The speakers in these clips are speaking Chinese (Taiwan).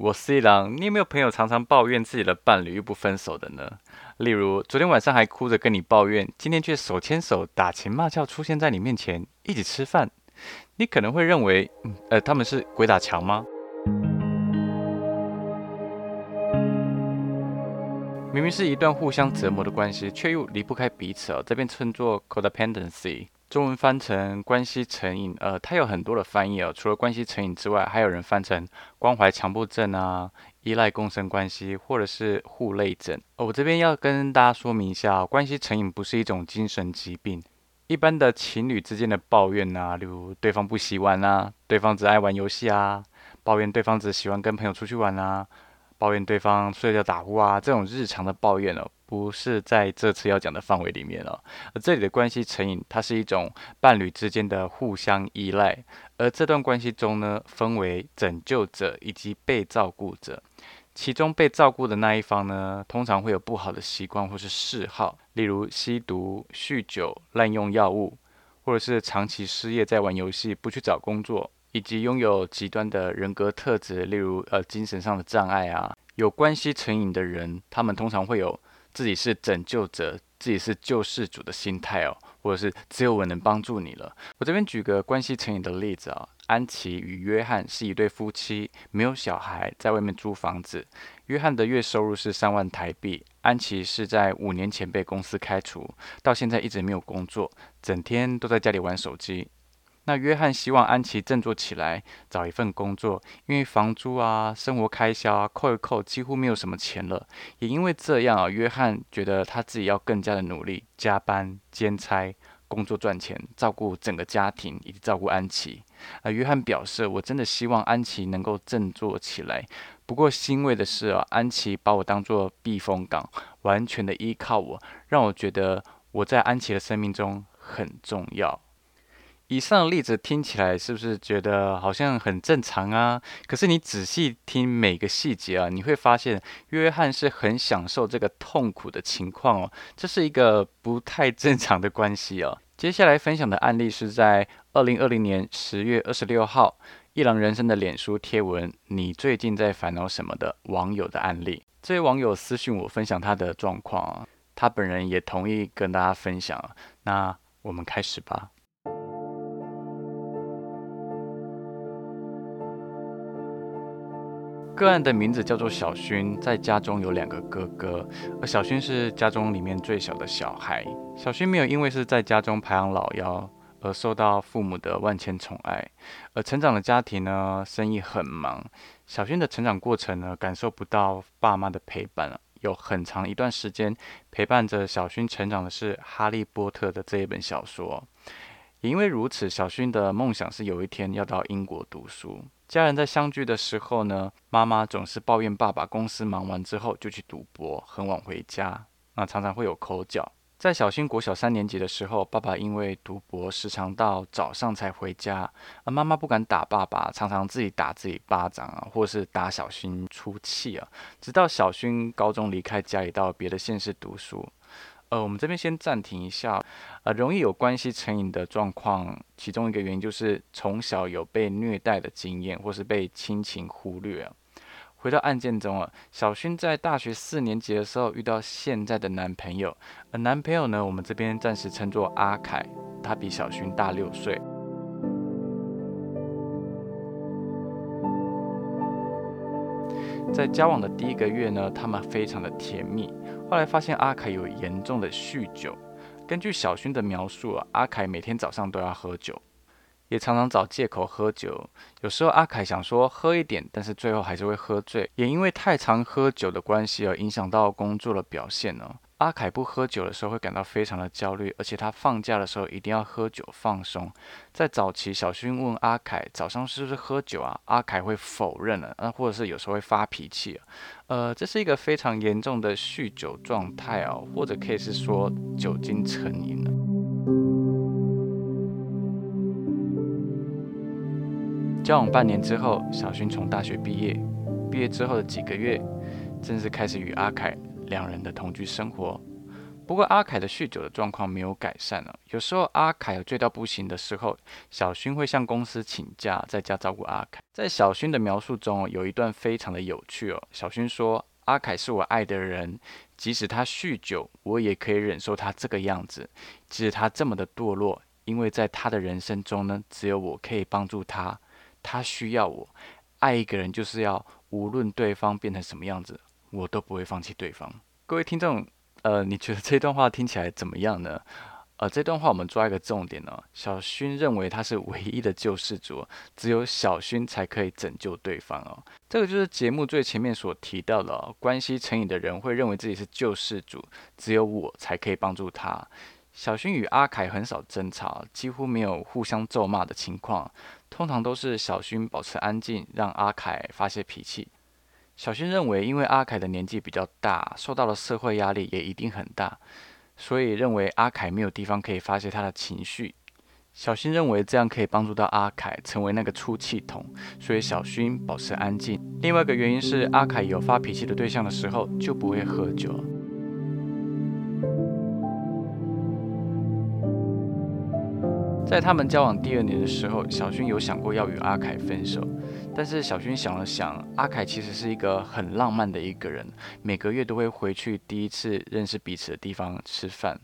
我是一郎，你有沒有朋友常常抱怨自己的伴侶又不分手的呢？例如昨天晚上還哭着跟你抱怨，今天卻手牽手打情罵俏出現在你面前一起吃飯，你可能會認為，嗯，呃，他們是鬼打牆嗎？明明是一段互相折磨的關係，卻又離不開彼此，哦，這邊稱作 codependency。中文翻成關係成癮，呃，它有很多的翻譯哦。除了關係成癮之外，還有人翻成關懷強迫症啊、依賴共生關係，或者是互累症哦。我這邊要跟大家說明一下哦，關係成癮不是一種精神疾病。一般的情侶之間的抱怨啊，例如對方不洗碗啊，對方只愛玩遊戲啊，抱怨對方只喜歡跟朋友出去玩啊，抱怨對方睡覺打呼啊，這種日常的抱怨哦。不是在這次要講的範圍裡面了哦。而這裡的關係成癮，它是一種伴侶之間的互相依賴。而這段關係中呢，分為拯救者以及被照顧者。其中被照顧的那一方呢，通常會有不好的習慣或是嗜好，例如吸毒、酗酒、濫用藥物，或者是長期失業在玩遊戲、不去找工作，以及擁有極端的人格特質，例如呃精神上的障礙啊。有關係成癮的人，他們通常會有。自己是拯救者，自己是救世主的心態哦，或者是只有我能幫助你了。我這邊舉個關係成癮的例子啊、哦，安琪與約翰是一對夫妻，沒有小孩，在外面租房子。約翰的月收入是三萬台幣，安琪是在五年前被公司開除，到現在一直沒有工作，整天都在家裡玩手機。那約翰希望安琪振作起來，找一份工作，因為房租啊、生活開銷啊，扣一扣，幾乎沒有什麼錢了。也因為這樣啊，約翰覺得他自己要更加的努力，加班、兼差，工作賺錢，照顧整個家庭以及照顧安琪。啊、呃，約翰表示，我真的希望安琪能夠振作起來。不過欣慰的是啊，安琪把我當作避風港，完全的依靠我，讓我覺得我在安琪的生命中很重要。以上的例子聽起來是不是覺得好像很正常啊？可是你仔細聽每個細節啊，你會發現約翰是很享受這個痛苦的情況哦。這是一個不太正常的關係哦。接下來分享的案例是在二零二零年十月二十六號，一郎人生的臉書貼文：“你最近在煩惱什麼”的網友的案例，這位網友私訊我分享他的狀況啊，他本人也同意跟大家分享。那我們開始吧。個案的名字叫做小勳，在家中有兩個哥哥，而小勳是家中裡面最小的小孩。小勳沒有因為是在家中排行老幺而受到父母的萬千寵愛，而成長的家庭呢，生意很忙。小勳的成長過程呢，感受不到爸媽的陪伴，有很長一段時間陪伴着小勳成長的是《哈利波特》的這一本小說。也因為如此，小勳的夢想是有一天要到英國讀書。家人在相聚的時候呢，媽媽總是抱怨爸爸公司忙完之後就去賭博，很晚回家，啊，常常會有口角。在小勳國小三年級的時候，爸爸因為賭博，時常到早上才回家，而媽媽不敢打爸爸，常常自己打自己巴掌啊，或是打小勳出氣啊，直到小勳高中離開家裡，到別的縣市讀書。呃，我們這邊先暫停一下。呃，容易有關係成癮的狀況，其中一個原因就是從小有被虐待的經驗，或是被親情忽略啊。回到案件中啊，小薰在大學四年級的時候遇到現在的男朋友，而，呃，男朋友呢，我們這邊暫時稱作阿凱，他比小薰大六歲。在交往的第一個月呢，他們非常的甜蜜。後來發現阿凱有嚴重的酗酒。根據小勳的描述啊，阿凱每天早上都要喝酒，也常常找借口喝酒。有時候阿凱想說喝一點，但是最後還是會喝醉。也因為太常喝酒的關係啊，而影響到工作的表現呢啊。阿凱不喝酒的時候會感到非常的焦慮，而且他放假的時候一定要喝酒放鬆。在早期，小薰問阿凱早上是不是喝酒啊，阿凱會否認了，啊，或者是有時候會發脾氣啊，呃，這是一個非常嚴重的酗酒狀態哦，或者可以是說酒精成癮了啊。交往半年之後，小薰從大學畢業，畢業之後的幾個月，正式開始與阿凱。兩人的同居生活，不過阿凱的酗酒的狀況沒有改善了啊。有時候阿凱醉到不行的時候，小勳會向公司請假，在家照顧阿凱。在小勳的描述中，有一段非常的有趣哦。小勳說：“阿凱是我愛的人，即使他酗酒，我也可以忍受他這個樣子。即使他這麼的墮落，因為在他的人生中呢，只有我可以幫助他，他需要我。愛一個人就是要無論對方變成什麼樣子。”我都不會放棄對方。各位聽眾，呃，你覺得這段話聽起來怎麼樣呢？呃，這段話我們抓一個重點哦。小薰認為他是唯一的救世主，只有小薰才可以拯救對方哦。這個就是節目最前面所提到的哦，關係成癮的人會認為自己是救世主，只有我才可以幫助他。小薰與阿凱很少爭吵，幾乎沒有互相咒罵的情況，通常都是小薰保持安靜，讓阿凱發洩脾氣。小薰認為，因為阿凱的年紀比較大，受到了社會壓力也一定很大，所以認為阿凱沒有地方可以發洩他的情緒。小薰認為這樣可以幫助到阿凱成為那個出氣筒，所以小薰保持安靜。另外一個原因是，阿凱有發脾氣的對象的時候就不會喝酒。在他們交往第二年的時候，小勳有想過要與阿凱分手，但是小勳想了想，阿凱其實是一個很浪漫的一個人，每個月都會回去第一次認識彼此的地方吃飯，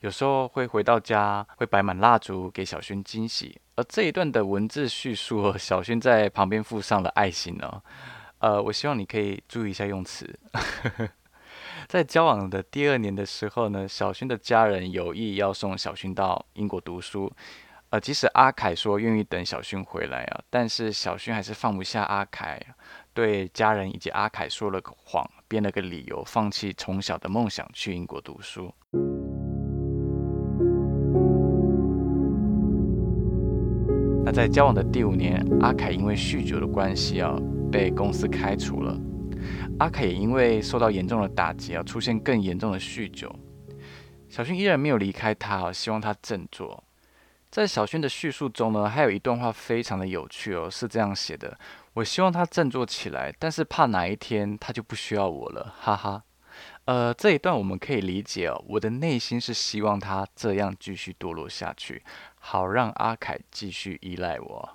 有時候會回到家會擺滿蠟燭給小勳驚喜。而這一段的文字敘述，小勳在旁邊附上了愛心哦，呃，我希望你可以注意一下用詞。 在交往的第二年的時候呢，小薰的家人有意要送小薰到英國讀書，呃，即使阿凱說願意等小薰回來啊，但是小薰還是放不下阿凱，對家人以及阿凱說了個謊，編了個理由，放棄從小的夢想去英國讀書。那在交往的第五年，阿凱因為酗酒的關係啊，被公司開除了。阿凱也因為受到嚴重的打擊而，啊，出現更嚴重的酗酒。小薰依然沒有離開他哦，啊，希望他振作。在小薰的敘述中呢，還有一段話非常的有趣哦，是這樣寫的：我希望他振作起來，但是怕哪一天他就不需要我了，哈哈。呃，這一段我們可以理解哦，我的內心是希望他這樣繼續墮落下去，好讓阿凱繼續依賴我。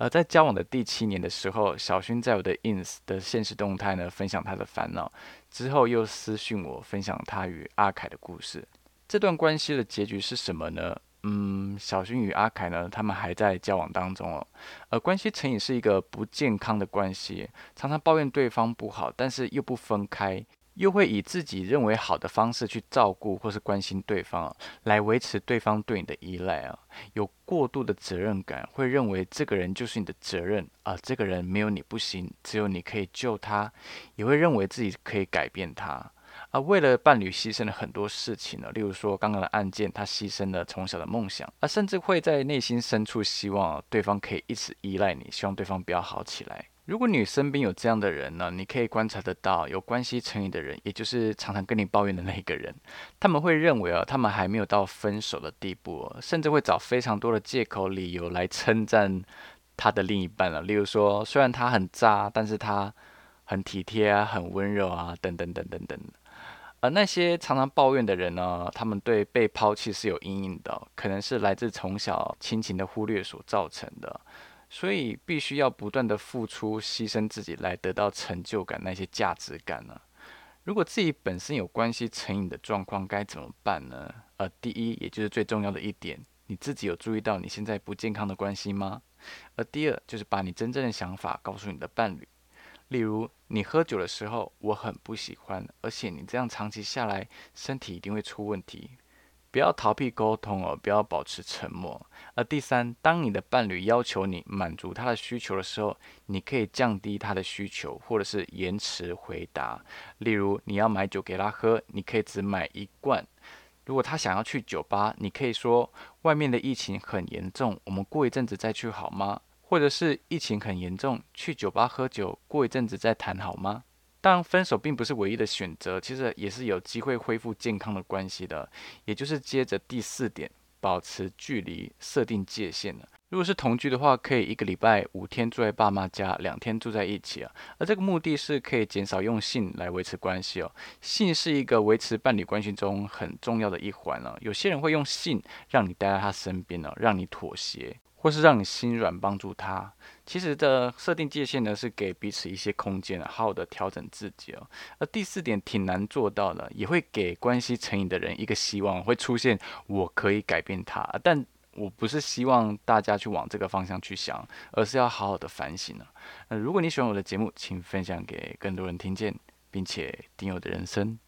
而、呃、在交往的第七年的時候，小薰在我的 ins 的限時動態呢，分享她的煩惱，之後又私訊我，分享她與阿凱的故事。這段關係的結局是什麼呢？嗯，小薰與阿凱呢，他們還在交往當中哦。呃，關係成癮是一個不健康的關係，常常抱怨對方不好，但是又不分開。又會以自己認為好的方式去照顧或是關心對方，來維持對方對你的依賴啊，有過度的責任感，會認為這個人就是你的責任啊，這個人沒有你不行，只有你可以救他，也會認為自己可以改變他啊，為了伴侶犧牲了很多事情呢，例如說剛剛的案件，他犧牲了從小的夢想啊，甚至會在內心深處希望對方可以一直依賴你，希望對方不要好起來。如果你身邊有這樣的人呢、啊，你可以觀察得到有關係成癮的人，也就是常常跟你抱怨的那一個人，他們會認為啊，他們還沒有到分手的地步、啊，甚至會找非常多的借口理由來稱讚他的另一半了、啊。例如說，雖然他很渣，但是他很體貼啊，很溫柔啊，等等等等等等。而、呃、那些常常抱怨的人呢、啊，他們對被拋棄是有陰影的，可能是來自從小親情的忽略所造成的。所以必須要不斷的付出、犧牲自己來得到成就感、那些價值感呢、啊？如果自己本身有關係成癮的狀況，該怎麼辦呢？呃，第一，也就是最重要的一點，你自己有注意到你現在不健康的關係嗎？而第二，就是把你真正的想法告訴你的伴侶，例如你喝酒的時候，我很不喜歡，而且你這樣長期下來，身體一定會出問題。不要逃避溝通哦，不要保持沉默。而第三，當你的伴侶要求你滿足他的需求的時候，你可以降低他的需求，或者是延遲回答。例如，你要買酒給他喝，你可以只買一罐。如果他想要去酒吧，你可以說，外面的疫情很嚴重，我們過一陣子再去好嗎？或者是疫情很嚴重，去酒吧喝酒，過一陣子再談好嗎？當然，分手並不是唯一的選擇，其實也是有機會恢復健康的關係的，也就是接着第四點，保持距離，設定界限。如果是同居的話，可以一個禮拜五天住在爸媽家，兩天住在一起啊，而這個目的是可以減少用性來維持關係哦。性是一個維持伴侶關係中很重要的一環哦。有些人會用性讓你待在他身邊哦，讓你妥協。或是讓你心軟，幫助他，其實的設定界限呢，是給彼此一些空間，好好的調整自己喔。而第四點挺難做到的，也會給關係成癮的人一個希望，會出現我可以改變他。但我不是希望大家去往這個方向去想，而是要好好的反省了，呃。如果你喜歡我的節目，請分享給更多人聽見，並且訂閱我的人生。